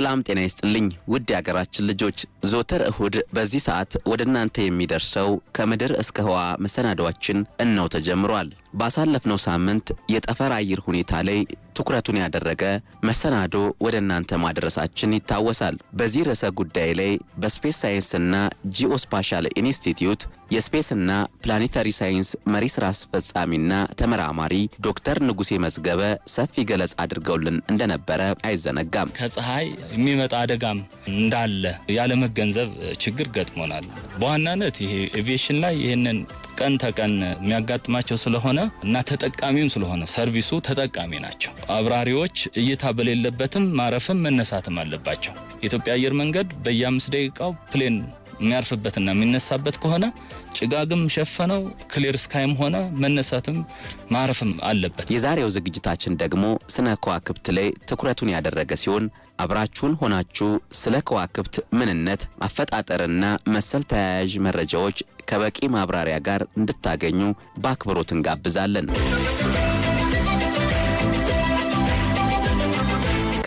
ሰላም ጤና ይስጥልኝ ውድ የሀገራችን ልጆች፣ ዞተር እሁድ በዚህ ሰዓት ወደ እናንተ የሚደርሰው ከምድር እስከ ህዋ መሰናዷችን እነው ተጀምሯል። ባሳለፍነው ሳምንት የጠፈር አየር ሁኔታ ላይ ትኩረቱን ያደረገ መሰናዶ ወደ እናንተ ማድረሳችን ይታወሳል። በዚህ ርዕሰ ጉዳይ ላይ በስፔስ ሳይንስና ጂኦስፓሻል ኢንስቲትዩት የስፔስና ፕላኔታሪ ሳይንስ መሪ ስራ አስፈጻሚና ተመራማሪ ዶክተር ንጉሴ መዝገበ ሰፊ ገለጻ አድርገውልን እንደነበረ አይዘነጋም። ከፀሐይ የሚመጣ አደጋም እንዳለ ያለመገንዘብ ችግር ገጥሞናል። በዋናነት ይሄ ኤቪዬሽን ላይ ይህንን ቀን ተቀን የሚያጋጥማቸው ስለሆነ እና ተጠቃሚም ስለሆነ ሰርቪሱ ተጠቃሚ ናቸው። አብራሪዎች እይታ በሌለበትም ማረፍም መነሳትም አለባቸው። የኢትዮጵያ አየር መንገድ በየአምስት ደቂቃው ፕሌን የሚያርፍበትና የሚነሳበት ከሆነ ጭጋግም ሸፈነው ክሊር ስካይም ሆነ መነሳትም ማረፍም አለበት። የዛሬው ዝግጅታችን ደግሞ ስነ ከዋክብት ላይ ትኩረቱን ያደረገ ሲሆን አብራችሁን ሆናችሁ ስለ ከዋክብት ምንነት፣ አፈጣጠርና መሰል ተያያዥ መረጃዎች ከበቂ ማብራሪያ ጋር እንድታገኙ በአክብሮት እንጋብዛለን።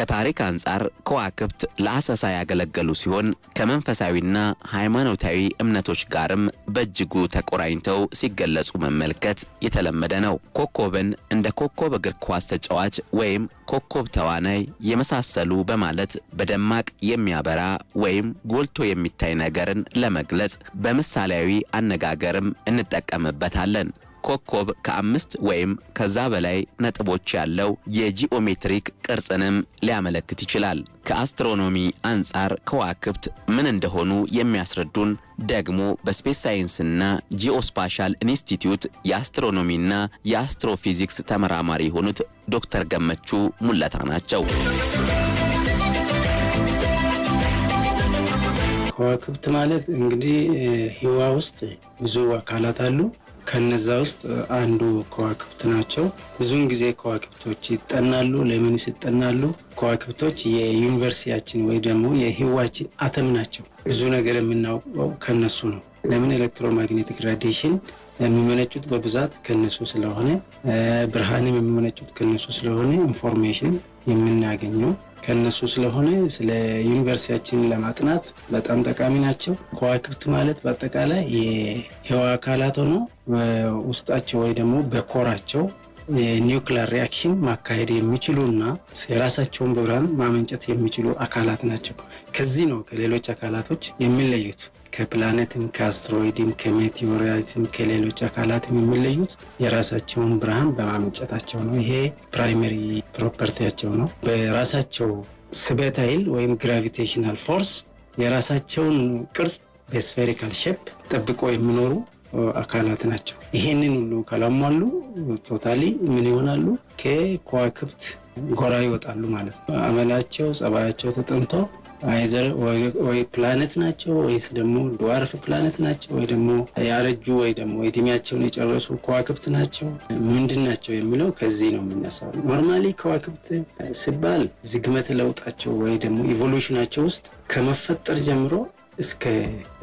ከታሪክ አንጻር ከዋክብት ለአሰሳ ያገለገሉ ሲሆን ከመንፈሳዊና ሃይማኖታዊ እምነቶች ጋርም በእጅጉ ተቆራኝተው ሲገለጹ መመልከት የተለመደ ነው። ኮከብን እንደ ኮከብ እግር ኳስ ተጫዋች ወይም ኮከብ ተዋናይ የመሳሰሉ በማለት በደማቅ የሚያበራ ወይም ጎልቶ የሚታይ ነገርን ለመግለጽ በምሳሌያዊ አነጋገርም እንጠቀምበታለን። ኮከብ ከአምስት ወይም ከዛ በላይ ነጥቦች ያለው የጂኦሜትሪክ ቅርጽንም ሊያመለክት ይችላል። ከአስትሮኖሚ አንጻር ከዋክብት ምን እንደሆኑ የሚያስረዱን ደግሞ በስፔስ ሳይንስና ጂኦስፓሻል ኢንስቲትዩት የአስትሮኖሚና የአስትሮፊዚክስ ተመራማሪ የሆኑት ዶክተር ገመቹ ሙለታ ናቸው። ከዋክብት ማለት እንግዲህ ህዋ ውስጥ ብዙ አካላት አሉ። ከነዛ ውስጥ አንዱ ከዋክብት ናቸው። ብዙውን ጊዜ ከዋክብቶች ይጠናሉ። ለምን ይጠናሉ? ከዋክብቶች የዩኒቨርሲቲያችን ወይ ደግሞ የህዋችን አተም ናቸው። ብዙ ነገር የምናውቀው ከነሱ ነው። ለምን ኤሌክትሮማግኔቲክ ራዲሽን የሚመነጩት በብዛት ከነሱ ስለሆነ፣ ብርሃንም የሚመነጩት ከነሱ ስለሆነ ኢንፎርሜሽን የምናገኘው ከነሱ ስለሆነ ስለ ዩኒቨርሲቲያችን ለማጥናት በጣም ጠቃሚ ናቸው። ከዋክብት ማለት በአጠቃላይ የህዋ አካላት ሆኖ ውስጣቸው ወይ ደግሞ በኮራቸው የኒውክሊር ሪያክሽን ማካሄድ የሚችሉና የራሳቸውን ብርሃን ማመንጨት የሚችሉ አካላት ናቸው። ከዚህ ነው ከሌሎች አካላቶች የሚለዩት። ከፕላኔትም ከአስትሮይድም ከሜቴዎራይትም ከሌሎች አካላትም የሚለዩት የራሳቸውን ብርሃን በማመንጨታቸው ነው። ይሄ ፕራይመሪ ፕሮፐርቲያቸው ነው። በራሳቸው ስበት ኃይል ወይም ግራቪቴሽናል ፎርስ የራሳቸውን ቅርጽ በስፌሪካል ሼፕ ጠብቆ የሚኖሩ አካላት ናቸው። ይሄንን ሁሉ ካላሟሉ ቶታሊ ምን ይሆናሉ? ከከዋክብት ጎራ ይወጣሉ ማለት ነው። አመላቸው፣ ጸባያቸው ተጠንቶ አይዘር ወይ ፕላኔት ናቸው ወይስ ደግሞ ድዋርፍ ፕላኔት ናቸው ወይ ደግሞ ያረጁ ወይ ደግሞ እድሜያቸውን የጨረሱ ከዋክብት ናቸው ምንድን ናቸው የሚለው ከዚህ ነው የምነሳው። ኖርማሊ ከዋክብት ሲባል ዝግመት ለውጣቸው ወይ ደግሞ ኢቮሉሽናቸው ውስጥ ከመፈጠር ጀምሮ እስከ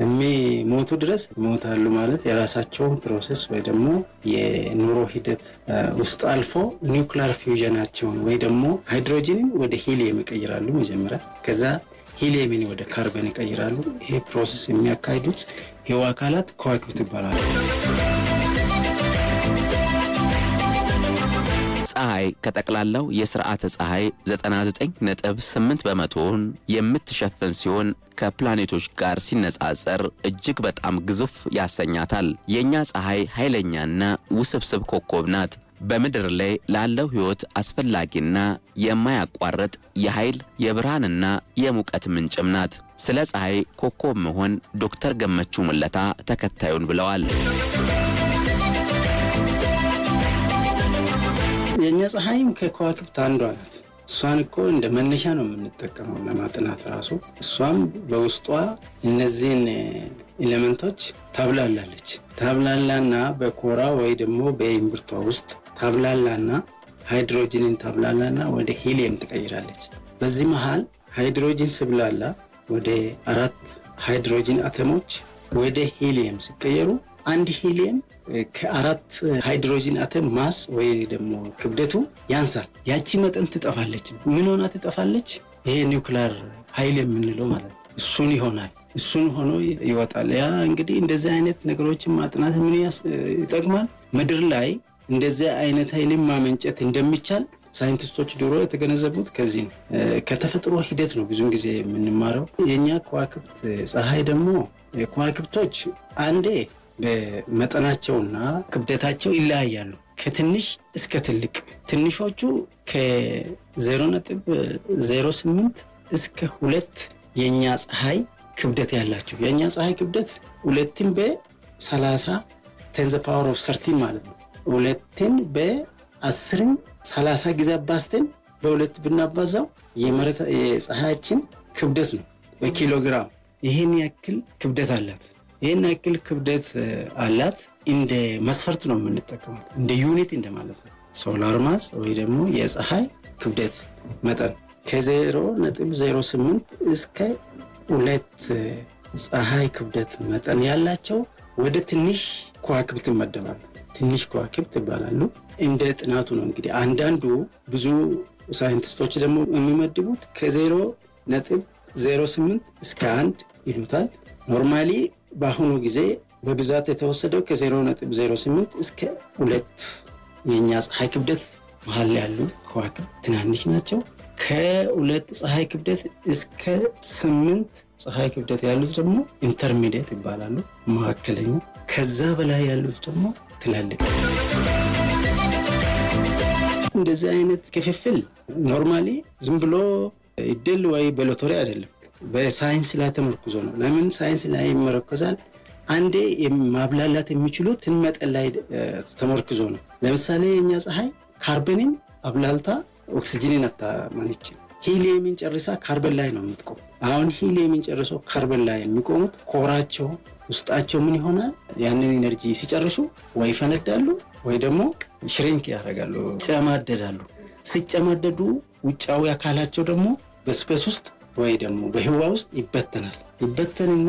የሚሞቱ ድረስ ይሞታሉ ማለት የራሳቸውን ፕሮሰስ ወይ ደግሞ የኑሮ ሂደት ውስጥ አልፎ ኒውክሊር ፊውዥናቸውን ወይ ደግሞ ሃይድሮጂንን ወደ ሂሊየም ይቀይራሉ መጀመሪያ ከዛ ሂሊየምን ወደ ካርበን ይቀይራሉ። ይሄ ፕሮሰስ የሚያካሂዱት ህዋ አካላት ከዋክብት ይባላሉ። ፀሐይ ከጠቅላላው የስርዓተ ፀሐይ 99.8 በመቶውን የምትሸፍን ሲሆን ከፕላኔቶች ጋር ሲነጻጸር እጅግ በጣም ግዙፍ ያሰኛታል። የእኛ ፀሐይ ኃይለኛና ውስብስብ ኮከብ ናት። በምድር ላይ ላለው ሕይወት አስፈላጊና የማያቋርጥ የኃይል የብርሃንና የሙቀት ምንጭም ናት። ስለ ፀሐይ ኮከብ መሆን ዶክተር ገመቹ ሙለታ ተከታዩን ብለዋል። የእኛ ፀሐይም ከከዋክብት አንዷ ናት። እሷን እኮ እንደ መነሻ ነው የምንጠቀመው ለማጥናት ራሱ። እሷም በውስጧ እነዚህን ኤሌመንቶች ታብላላለች። ታብላላና በኮራ ወይ ደግሞ በእምብርቷ ውስጥ ታብላላና ሃይድሮጂንን ታብላላና ወደ ሂሊየም ትቀይራለች። በዚህ መሃል ሃይድሮጂን ስብላላ ወደ አራት ሃይድሮጂን አተሞች ወደ ሂሊየም ሲቀየሩ አንድ ሂሊየም ከአራት ሃይድሮጂን አተም ማስ ወይ ደግሞ ክብደቱ ያንሳል። ያቺ መጠን ትጠፋለች። ምን ሆና ትጠፋለች? ይሄ ኒውክሊር ሀይል የምንለው ማለት ነው። እሱን ይሆናል። እሱን ሆኖ ይወጣል። ያ እንግዲህ እንደዚህ አይነት ነገሮችን ማጥናት ምን ይጠቅማል? ምድር ላይ እንደዚያ አይነት ኃይልን ማመንጨት እንደሚቻል ሳይንቲስቶች ድሮ የተገነዘቡት ከዚህ ነው። ከተፈጥሮ ሂደት ነው ብዙን ጊዜ የምንማረው። የእኛ ከዋክብት ፀሐይ ደግሞ ከዋክብቶች አንዴ በመጠናቸውና ክብደታቸው ይለያያሉ ከትንሽ እስከ ትልቅ። ትንሾቹ ከ008 እስከ ሁለት የእኛ ፀሐይ ክብደት ያላቸው የእኛ ፀሐይ ክብደት ሁለትም 30 ቴንዘ ፓወር ኦፍ ሰርቲን ማለት ነው ሁለትን በአስርን ሰላሳ ጊዜ አባዝተን በሁለት ብናባዛው የፀሐያችን ክብደት ነው በኪሎግራም ይህን ያክል ክብደት አላት። ይህን ያክል ክብደት አላት እንደ መስፈርት ነው የምንጠቀማት፣ እንደ ዩኒት እንደማለት ነው። ሶላር ማስ ወይ ደግሞ የፀሐይ ክብደት መጠን ከዜሮ ነጥብ ዜሮ ስምንት እስከ ሁለት ፀሐይ ክብደት መጠን ያላቸው ወደ ትንሽ ከዋክብት ይመደባሉ። ትንሽ ከዋክብት ይባላሉ። እንደ ጥናቱ ነው እንግዲህ። አንዳንዱ ብዙ ሳይንቲስቶች ደግሞ የሚመድቡት ከዜሮ ነጥብ ዜሮ ስምንት እስከ አንድ ይሉታል። ኖርማሊ በአሁኑ ጊዜ በብዛት የተወሰደው ከዜሮ ነጥብ ዜሮ ስምንት እስከ ሁለት የእኛ ፀሐይ ክብደት መሀል ያሉ ከዋክብ ትናንሽ ናቸው። ከሁለት ፀሐይ ክብደት እስከ ስምንት ፀሐይ ክብደት ያሉት ደግሞ ኢንተርሚዲየት ይባላሉ፣ መካከለኛ። ከዛ በላይ ያሉት ደግሞ ትላለች። እንደዚህ አይነት ክፍፍል ኖርማሊ ዝም ብሎ ይደል ወይ በሎቶሪ አይደለም፣ በሳይንስ ላይ ተመርኩዞ ነው። ለምን ሳይንስ ላይ ይመረኮዛል? አንዴ ማብላላት የሚችሉትን መጠን ላይ ተመርክዞ ነው። ለምሳሌ የእኛ ፀሐይ ካርበንን አብላልታ ኦክሲጅንን አታመነጭም። ሂሊየምን ጨርሳ ካርበን ላይ ነው የምትቆም። አሁን ሂሊየምን የሚንጨርሰው ካርበን ላይ የሚቆሙት ኮራቸው ውስጣቸው ምን ይሆናል? ያንን ኢነርጂ ሲጨርሱ ወይ ይፈነዳሉ ወይ ደግሞ ሽሪንክ ያደርጋሉ፣ ይጨማደዳሉ። ሲጨማደዱ ውጫዊ አካላቸው ደግሞ በስፔስ ውስጥ ወይ ደግሞ በህዋ ውስጥ ይበተናል። ይበተንና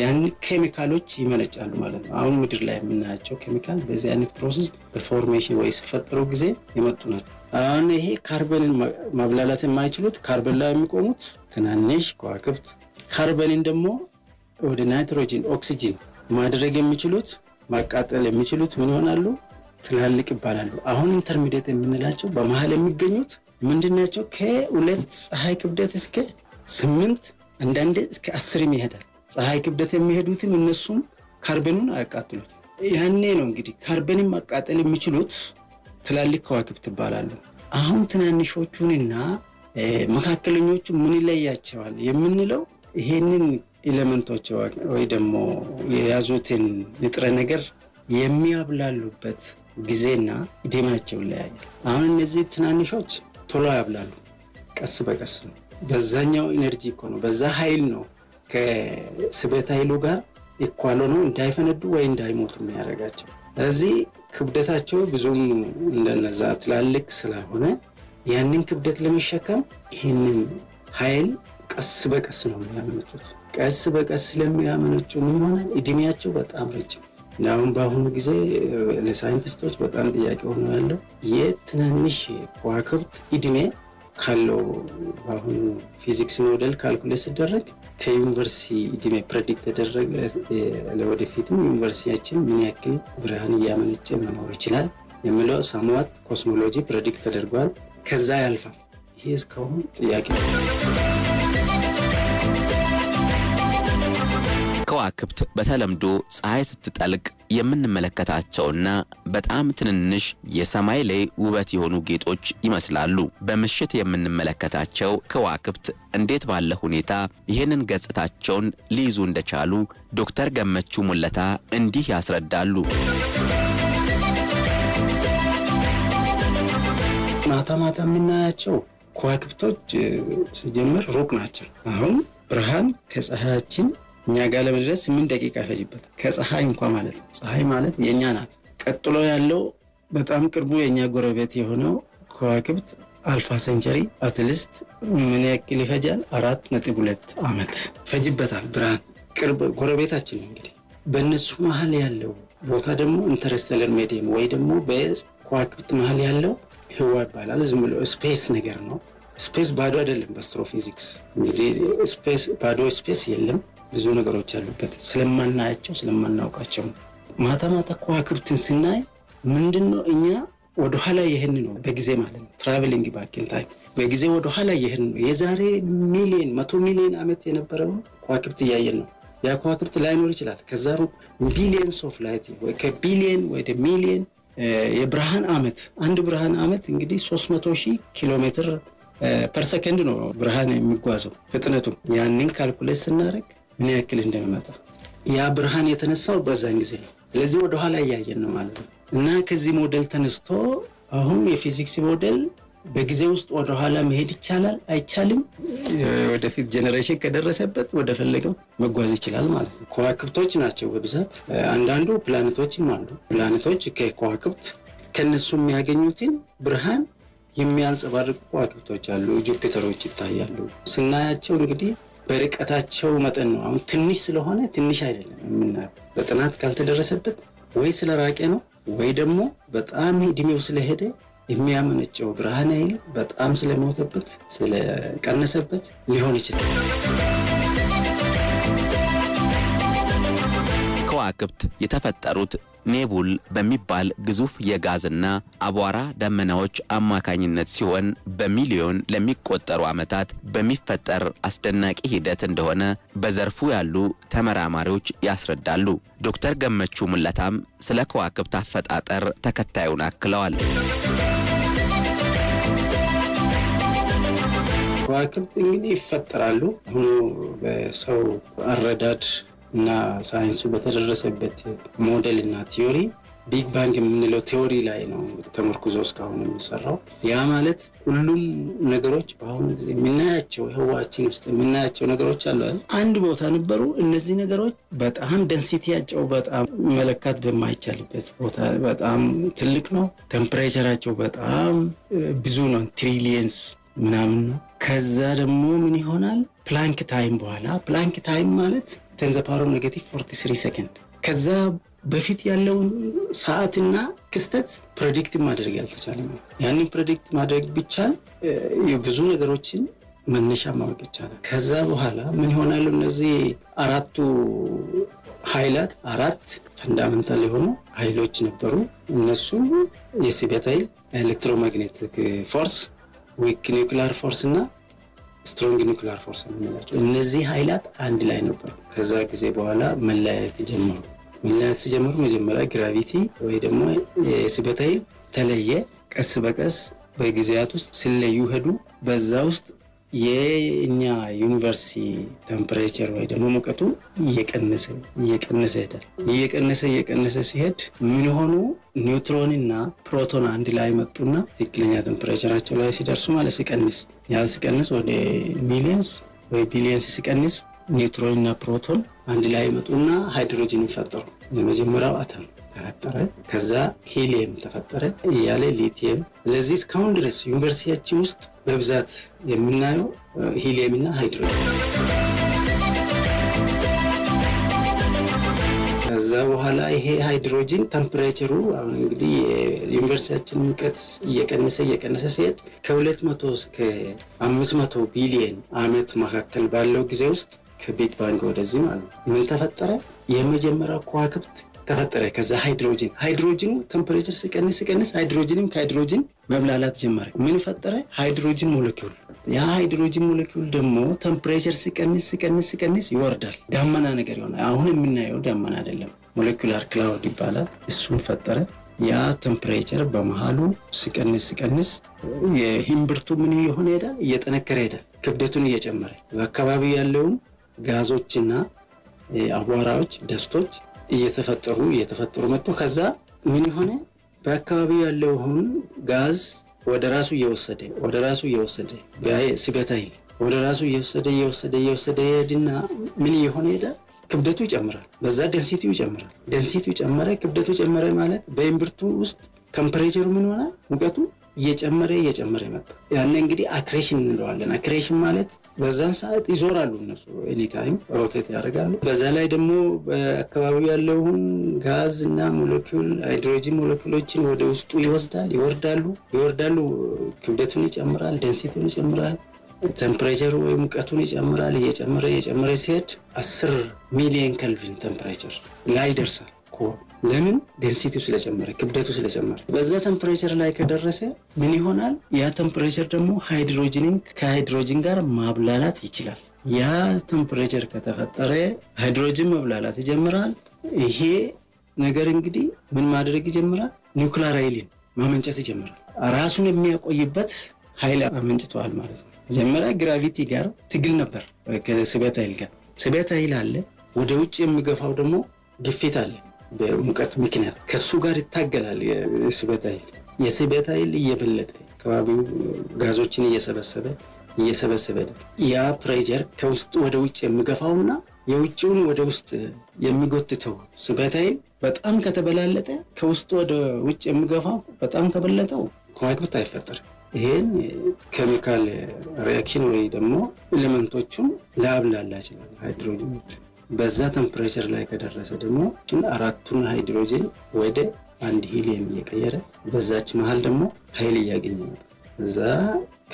ያን ኬሚካሎች ይመነጫሉ ማለት ነው። አሁን ምድር ላይ የምናያቸው ኬሚካል በዚህ አይነት ፕሮሰስ በፎርሜሽን ወይ ሲፈጠሩ ጊዜ የመጡ ናቸው። አሁን ይሄ ካርበንን ማብላላት የማይችሉት ካርበን ላይ የሚቆሙት ትናንሽ ከዋክብት፣ ካርበንን ደግሞ ወደ ናይትሮጂን ኦክሲጂን ማድረግ የሚችሉት ማቃጠል የሚችሉት ምን ይሆናሉ? ትላልቅ ይባላሉ። አሁን ኢንተርሚዲየት የምንላቸው በመሀል የሚገኙት ምንድን ናቸው? ከሁለት ፀሐይ ክብደት እስከ ስምንት አንዳንዴ እስከ አስርም ይሄዳል። ፀሐይ ክብደት የሚሄዱትን እነሱም ካርበኑን አያቃጥሉት። ያኔ ነው እንግዲህ ካርበንን ማቃጠል የሚችሉት ትላልቅ ከዋክብት ይባላሉ። አሁን ትናንሾቹንና መካከለኞቹ ምን ይለያቸዋል የምንለው ይሄንን ኤሌመንቶች ወይ ደግሞ የያዙትን ንጥረ ነገር የሚያብላሉበት ጊዜና እድሜያቸው ይለያያል። አሁን እነዚህ ትናንሾች ቶሎ ያብላሉ፣ ቀስ በቀስ ነው። በዛኛው ኢነርጂ እኮ ነው፣ በዛ ኃይል ነው ከስበት ኃይሉ ጋር ይኳሎ ነው እንዳይፈነዱ ወይ እንዳይሞቱ የሚያደርጋቸው። ስለዚህ ክብደታቸው ብዙም እንደነዛ ትላልቅ ስላልሆነ ያንን ክብደት ለመሸከም ይህንን ኃይል ቀስ በቀስ ነው የሚያመጡት። ቀስ በቀስ ስለሚያመነጩ ምን ይሆናል? እድሜያቸው በጣም ረጅም እናሁን በአሁኑ ጊዜ ለሳይንቲስቶች በጣም ጥያቄ ሆኖ ያለው የትናንሽ ከዋክብት እድሜ ካለው በአሁኑ ፊዚክስ ሞዴል ካልኩሌት ሲደረግ ከዩኒቨርሲቲ እድሜ ፕሬዲክት ተደረገ። ለወደፊትም ዩኒቨርሲቲያችን ምን ያክል ብርሃን እያመነጨ መኖር ይችላል የሚለው ሰሟት ኮስሞሎጂ ፕሬዲክት ተደርጓል። ከዛ ያልፋል። ይህ እስካሁን ጥያቄ ነው። ከዋክብት በተለምዶ ፀሐይ ስትጠልቅ የምንመለከታቸውና በጣም ትንንሽ የሰማይ ላይ ውበት የሆኑ ጌጦች ይመስላሉ። በምሽት የምንመለከታቸው ከዋክብት እንዴት ባለ ሁኔታ ይህንን ገጽታቸውን ሊይዙ እንደቻሉ ዶክተር ገመቹ ሙለታ እንዲህ ያስረዳሉ። ማታ ማታ የምናያቸው ከዋክብቶች ሲጀምር ሩቅ ናቸው። አሁን ብርሃን ከፀሐያችን እኛ ጋር ለመድረስ ስምንት ደቂቃ ይፈጅበታል። ከፀሐይ እንኳ ማለት ነው። ፀሐይ ማለት የእኛ ናት። ቀጥሎ ያለው በጣም ቅርቡ የእኛ ጎረቤት የሆነው ከዋክብት አልፋ ሰንቸሪ አትሊስት ምን ያክል ይፈጃል? አራት ነጥብ ሁለት ዓመት ይፈጅበታል። ብርሃን ቅርብ ጎረቤታችን ነው። እንግዲህ በእነሱ መሀል ያለው ቦታ ደግሞ ኢንተረስተለር ሜዲየም ወይ ደግሞ በከዋክብት መሀል ያለው ህዋ ይባላል። ዝም ብሎ ስፔስ ነገር ነው። ስፔስ ባዶ አይደለም። በአስትሮፊዚክስ እንግዲህ ስፔስ ባዶ ስፔስ የለም። ብዙ ነገሮች ያሉበት ስለማናያቸው ስለማናውቃቸው ማታ ማታ ከዋክብትን ስናይ ምንድን ነው እኛ ወደኋላ ይህን ነው በጊዜ ማለት ነው ትራቨሊንግ ባኪን ታይም በጊዜ ወደኋላ ይህን ነው የዛሬ ሚሊዮን መቶ ሚሊዮን ዓመት የነበረው ከዋክብት እያየን ነው። ያ ከዋክብት ላይኖር ይችላል። ከዛ ሩቅ ቢሊየን ሶፍ ላይት ከቢሊየን ወደ ሚሊየን የብርሃን ዓመት አንድ ብርሃን ዓመት እንግዲህ 300 ሺህ ኪሎ ሜትር ፐር ሰከንድ ነው ብርሃን የሚጓዘው ፍጥነቱ። ያንን ካልኩሌት ስናደርግ ምን ያክል እንደሚመጣ ያ ብርሃን የተነሳው በዛን ጊዜ ነው። ስለዚህ ወደኋላ እያየን ነው ማለት ነው እና ከዚህ ሞዴል ተነስቶ አሁን የፊዚክስ ሞዴል በጊዜ ውስጥ ወደኋላ መሄድ ይቻላል አይቻልም? ወደፊት ጀኔሬሽን ከደረሰበት ወደፈለገው መጓዝ ይችላል ማለት ነው። ከዋክብቶች ናቸው በብዛት አንዳንዱ ፕላኔቶችም አሉ። ፕላኔቶች ከከዋክብት ከነሱ የሚያገኙትን ብርሃን የሚያንጸባርቁ ከዋክብቶች አሉ። ጁፒተሮች ይታያሉ ስናያቸው እንግዲህ በርቀታቸው መጠን ነው። አሁን ትንሽ ስለሆነ ትንሽ አይደለም የምናየው። በጥናት ካልተደረሰበት ወይ ስለራቄ ነው ወይ ደግሞ በጣም እድሜው ስለሄደ የሚያመነጨው ብርሃን ኃይል በጣም ስለሞተበት ስለቀነሰበት ሊሆን ይችላል። ከዋክብት የተፈጠሩት ኔቡል በሚባል ግዙፍ የጋዝና አቧራ ደመናዎች አማካኝነት ሲሆን በሚሊዮን ለሚቆጠሩ ዓመታት በሚፈጠር አስደናቂ ሂደት እንደሆነ በዘርፉ ያሉ ተመራማሪዎች ያስረዳሉ። ዶክተር ገመቹ ሙለታም ስለ ከዋክብት አፈጣጠር ተከታዩን አክለዋል። ከዋክብት እንግዲህ ይፈጠራሉ። አሁኑ በሰው አረዳድ እና ሳይንሱ በተደረሰበት ሞዴል እና ቲዮሪ ቢግ ባንግ የምንለው ቲዎሪ ላይ ነው ተመርኩዞ እስካሁን የሚሰራው። ያ ማለት ሁሉም ነገሮች በአሁኑ ጊዜ የምናያቸው ህዋችን ውስጥ የምናያቸው ነገሮች አሉ አንድ ቦታ ነበሩ። እነዚህ ነገሮች በጣም ደንሲቲያቸው በጣም መለካት በማይቻልበት ቦታ በጣም ትልቅ ነው። ቴምፕሬቸራቸው በጣም ብዙ ነው፣ ትሪሊየንስ ምናምን ነው። ከዛ ደግሞ ምን ይሆናል ፕላንክ ታይም በኋላ ፕላንክ ታይም ማለት 10 ዘ ፓወር ኔጌቲቭ 43 ሰከንድ ከዛ በፊት ያለውን ሰዓትና ክስተት ፕሬዲክት ማድረግ ያልተቻለ ነው። ያንን ፕሬዲክት ማድረግ ቢቻል ብዙ ነገሮችን መነሻ ማወቅ ይቻላል። ከዛ በኋላ ምን ይሆናሉ? እነዚህ አራቱ ኃይላት አራት ፈንዳመንታል የሆኑ ኃይሎች ነበሩ። እነሱ የስበት ኃይል፣ ኤሌክትሮማግኔቲክ ፎርስ፣ ዊክ ኒውክሊር ፎርስ እና ስትሮንግ ኒኩሊር ፎርስ የምንላቸው እነዚህ ኃይላት አንድ ላይ ነበሩ። ከዛ ጊዜ በኋላ መለያየት ጀመሩ። መለያየት ሲጀምሩ መጀመሪያ ግራቪቲ ወይ ደግሞ የስበት ኃይል ተለየ። ቀስ በቀስ በጊዜያት ውስጥ ሲለዩ ሄዱ። በዛ ውስጥ የእኛ ዩኒቨርሲቲ ተምፕሬቸር ወይ ደግሞ ሙቀቱ እየቀነሰ እየቀነሰ ይሄዳል። እየቀነሰ እየቀነሰ ሲሄድ ምን ሆኑ? ኒውትሮንና ፕሮቶን አንድ ላይ መጡና ትክክለኛ ተምፕሬቸራቸው ላይ ሲደርሱ ማለት ሲቀንስ፣ ያ ሲቀንስ ወደ ሚሊየንስ ወይ ቢሊየንስ ሲቀንስ ኒውትሮንና ፕሮቶን አንድ ላይ መጡና ሃይድሮጅን ይፈጠሩ የመጀመሪያው አተም ተፈጠረ፣ ከዛ ሄሊየም ተፈጠረ እያለ ሊቲየም። ስለዚህ እስካሁን ድረስ ዩኒቨርሲቲያችን ውስጥ በብዛት የምናየው ሂሊየም እና ሃይድሮጅን። ከዛ በኋላ ይሄ ሃይድሮጂን ተምፕሬቸሩ አሁን እንግዲህ የዩኒቨርሲቲያችን ሙቀት እየቀነሰ እየቀነሰ ሲሄድ ከ200 እስከ 500 ቢሊየን ዓመት መካከል ባለው ጊዜ ውስጥ ከቢግ ባንግ ወደዚህ ማለት ምን ተፈጠረ? የመጀመሪያው ከዋክብት ተፈጠረ። ከዛ ሃይድሮጂን ሃይድሮጂኑ ቴምፕሬቸር ሲቀንስ ሲቀንስ ሃይድሮጂንም ከሃይድሮጂን መብላላት ጀመረ። ምን ፈጠረ? ሃይድሮጂን ሞለኪውል። ያ ሃይድሮጂን ሞለኪውል ደግሞ ቴምፕሬቸር ሲቀንስ ሲቀንስ ሲቀንስ ይወርዳል፣ ዳመና ነገር ይሆናል። አሁን የምናየው ዳመና አይደለም፣ ሞለኪላር ክላውድ ይባላል። እሱን ፈጠረ። ያ ቴምፕሬቸር በመሀሉ ሲቀንስ ሲቀንስ የሂምብርቱ ምን የሆነ ሄዳል፣ እየጠነከረ ሄዳል፣ ክብደቱን እየጨመረ በአካባቢ ያለውን ጋዞችና አቧራዎች፣ ደስቶች እየተፈጠሩ እየተፈጠሩ መጥቶ ከዛ ምን ሆነ በአካባቢ ያለው ጋዝ ወደ ራሱ እየወሰደ ወደ ራሱ እየወሰደ ሲበታይ ወደ ራሱ እየወሰደ እየወሰደ እየወሰደ ሄድና ምን እየሆነ ሄደ? ክብደቱ ይጨምራል። በዛ ደንሲቲ ይጨምራል። ደንሲቲ ጨመረ፣ ክብደቱ ጨመረ ማለት በእምብርቱ ውስጥ ተምፐሬቸሩ ምን ሆነ? ሙቀቱ እየጨመረ እየጨመረ መጣ። ያኔ እንግዲህ አክሬሽን እንለዋለን። አክሬሽን ማለት በዛን ሰዓት ይዞራሉ እነሱ ኤኒታይም ሮቴት ያደርጋሉ። በዛ ላይ ደግሞ በአካባቢው ያለውን ጋዝ እና ሞለኪል ሃይድሮጂን ሞለኪሎችን ወደ ውስጡ ይወስዳል፣ ይወርዳሉ፣ ይወርዳሉ። ክብደቱን ይጨምራል፣ ደንሲቱን ይጨምራል፣ ቴምፕሬቸር ወይም ሙቀቱን ይጨምራል። እየጨመረ እየጨመረ ሲሄድ አስር ሚሊየን ከልቪን ቴምፕሬቸር ላይ ይደርሳል። ለምን ዴንሲቲው ስለጨመረ ክብደቱ ስለጨመረ በዛ ቴምፕሬቸር ላይ ከደረሰ ምን ይሆናል? ያ ቴምፕሬቸር ደግሞ ሃይድሮጅንን ከሃይድሮጂን ጋር ማብላላት ይችላል። ያ ቴምፕሬቸር ከተፈጠረ ሃይድሮጅን መብላላት ይጀምራል። ይሄ ነገር እንግዲህ ምን ማድረግ ይጀምራል? ኒውክሊየር ኃይልን ማመንጨት ይጀምራል። ራሱን የሚያቆይበት ኃይል አመንጭተዋል ማለት ነው። መጀመሪያ ግራቪቲ ጋር ትግል ነበር ከስበት ኃይል ጋር። ስበት ኃይል አለ፣ ወደ ውጭ የሚገፋው ደግሞ ግፊት አለ። በሙቀት ምክንያት ከሱ ጋር ይታገላል። የስበት ኃይል የስበት ኃይል እየበለጠ አካባቢው ጋዞችን እየሰበሰበ እየሰበሰበ ያ ፕሬጀር ከውስጥ ወደ ውጭ የሚገፋውና የውጭውን ወደ ውስጥ የሚጎትተው ስበት ኃይል በጣም ከተበላለጠ ከውስጥ ወደ ውጭ የሚገፋው በጣም ከበለጠው ከዋክብት አይፈጠር። ይሄን ኬሚካል ሪያክሽን ወይ ደግሞ ኤሌመንቶቹን ላብላላ ይችላል ሃይድሮጅኖቹ በዛ ተምፕሬቸር ላይ ከደረሰ ደግሞ አራቱን ሃይድሮጅን ወደ አንድ ሂሊየም እየቀየረ በዛች መሀል ደግሞ ኃይል እያገኘ ነው። እዛ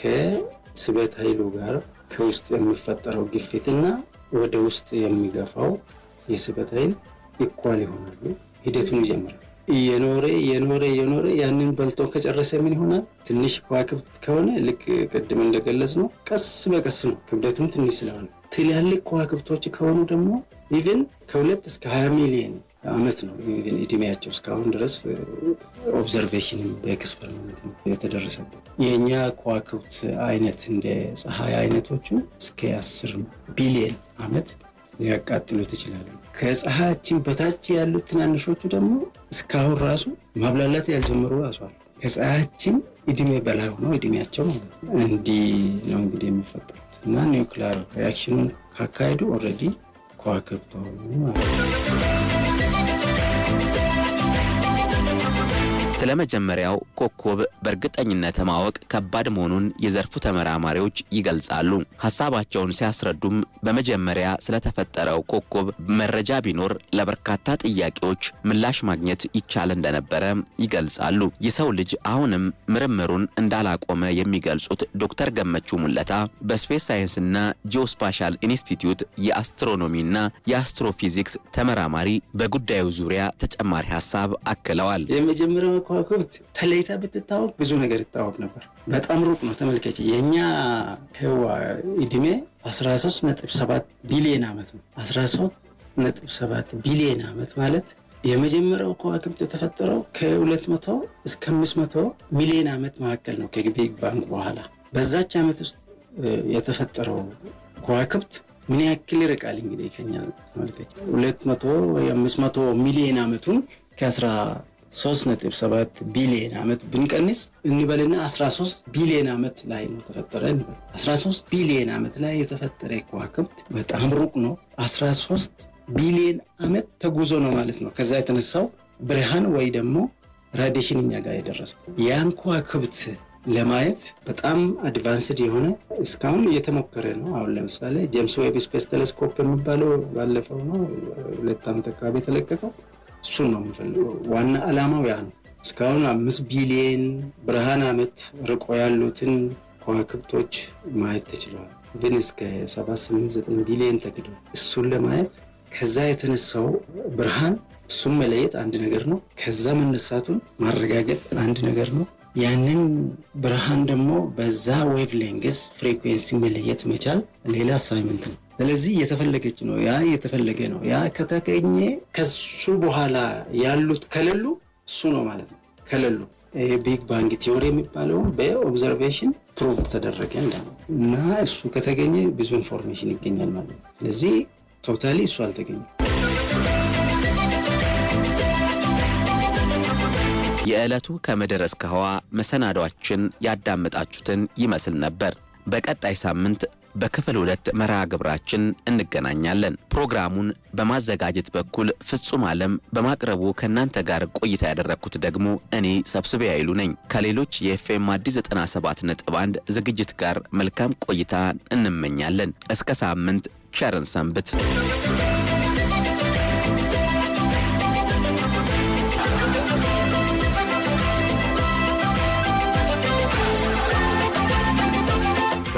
ከስበት ኃይሉ ጋር ከውስጥ የሚፈጠረው ግፊትና ወደ ውስጥ የሚገፋው የስበት ኃይል ይኳል ይሆናሉ። ሂደቱን ይጀምራል። እየኖረ እየኖረ እየኖረ ያንን በልቶ ከጨረሰ ምን ይሆናል? ትንሽ ከዋክብት ከሆነ ልክ ቅድም እንደገለጽ ነው፣ ቀስ በቀስ ነው ክብደቱም ትንሽ ስለሆነ ትላልቅ ከዋክብቶች ከሆኑ ደግሞ ኢቨን ከሁለት እስከ ሀያ ሚሊዮን አመት ነው ግን እድሜያቸው እስካሁን ድረስ ኦብዘርቬሽን በኤክስፐሪመንት የተደረሰበት። የእኛ ከዋክብት አይነት እንደ ፀሐይ አይነቶቹ እስከ አስር ቢሊየን አመት ሊያቃጥሉት ይችላሉ። ከፀሐያችን በታች ያሉት ትናንሾቹ ደግሞ እስካሁን ራሱ ማብላላት ያልጀምሩ ራሷል ከፀሐያችን እድሜ በላይ ሆኖ እድሜያቸው ማለት ነው። እንዲህ ነው እንግዲህ የሚፈጠሩት እና ኒውክሊር ሪያክሽኑን ካካሄዱ ኦልሬዲ ከዋክብት ሆኑ ማለት ነው። ስለ መጀመሪያው ኮከብ በእርግጠኝነት ማወቅ ከባድ መሆኑን የዘርፉ ተመራማሪዎች ይገልጻሉ። ሀሳባቸውን ሲያስረዱም በመጀመሪያ ስለተፈጠረው ኮከብ መረጃ ቢኖር ለበርካታ ጥያቄዎች ምላሽ ማግኘት ይቻል እንደነበረ ይገልጻሉ። የሰው ልጅ አሁንም ምርምሩን እንዳላቆመ የሚገልጹት ዶክተር ገመቹ ሙለታ በስፔስ ሳይንስና ጂኦስፓሻል ኢንስቲትዩት የአስትሮኖሚና የአስትሮፊዚክስ ተመራማሪ በጉዳዩ ዙሪያ ተጨማሪ ሀሳብ አክለዋል። የመጀመሪያው ከዋክብት ተለይታ ብትታወቅ ብዙ ነገር ይታወቅ ነበር። በጣም ሩቅ ነው። ተመልከች፣ የእኛ ህዋ እድሜ 13.7 ቢሊዮን ዓመት ነው። 13.7 ቢሊዮን ዓመት ማለት የመጀመሪያው ከዋክብት የተፈጠረው ከ200 እስከ 500 ሚሊዮን ዓመት መካከል ነው ከቢግ ባንግ በኋላ። በዛች ዓመት ውስጥ የተፈጠረው ከዋክብት ምን ያክል ይርቃል? እንግዲህ ከኛ ተመልከች፣ 200 ወይ 500 ሚሊዮን ዓመቱን ከ ሰባት ቢሊዮን ዓመት ብንቀንስ እንበልና ሶስት ቢሊዮን ዓመት ላይ ነው ተፈጠረ እንበል። ሶስት ቢሊዮን ዓመት ላይ የተፈጠረ ከዋክብት በጣም ሩቅ ነው። አስራ ሶስት ቢሊዮን ዓመት ተጉዞ ነው ማለት ነው። ከዛ የተነሳው ብርሃን ወይ ደግሞ ራዲሽን እኛ ጋር የደረሰው ያን ከዋክብት ለማየት በጣም አድቫንስድ የሆነ እስካሁን እየተሞከረ ነው። አሁን ለምሳሌ ጀምስ ዌብ ስፔስ ቴሌስኮፕ የሚባለው ባለፈው ነው ሁለት ዓመት አካባቢ የተለቀቀው እሱን ነው የምፈልገው። ዋና ዓላማው ያ ነው። እስካሁን አምስት ቢሊየን ብርሃን ዓመት ርቆ ያሉትን ከዋክብቶች ማየት ተችለዋል። ግን እስከ 789 ቢሊየን ተግዶ እሱን ለማየት ከዛ የተነሳው ብርሃን እሱን መለየት አንድ ነገር ነው። ከዛ መነሳቱን ማረጋገጥ አንድ ነገር ነው። ያንን ብርሃን ደግሞ በዛ ሌንግስ ፍሪኩዌንሲ መለየት መቻል ሌላ አሳይመንት ነው። ስለዚህ እየተፈለገች ነው፣ ያ እየተፈለገ ነው። ያ ከተገኘ ከሱ በኋላ ያሉት ከሌሉ እሱ ነው ማለት ነው። ከሌሉ ቢግ ባንግ ቲዮሪ የሚባለው በኦብዘርቬሽን ፕሩቭ ተደረገ እና እሱ ከተገኘ ብዙ ኢንፎርሜሽን ይገኛል ማለት ነው። ስለዚህ ቶታሊ እሱ አልተገኘም። የዕለቱ ከምድር እስከ ህዋ መሰናዷችን ያዳመጣችሁትን ይመስል ነበር። በቀጣይ ሳምንት በክፍል ሁለት መርሃ ግብራችን እንገናኛለን። ፕሮግራሙን በማዘጋጀት በኩል ፍጹም ዓለም በማቅረቡ ከእናንተ ጋር ቆይታ ያደረግኩት ደግሞ እኔ ሰብስቤ አይሉ ነኝ። ከሌሎች የኤፍኤም አዲስ 97 ነጥብ 1 ዝግጅት ጋር መልካም ቆይታ እንመኛለን። እስከ ሳምንት ቸርን ሰንብት።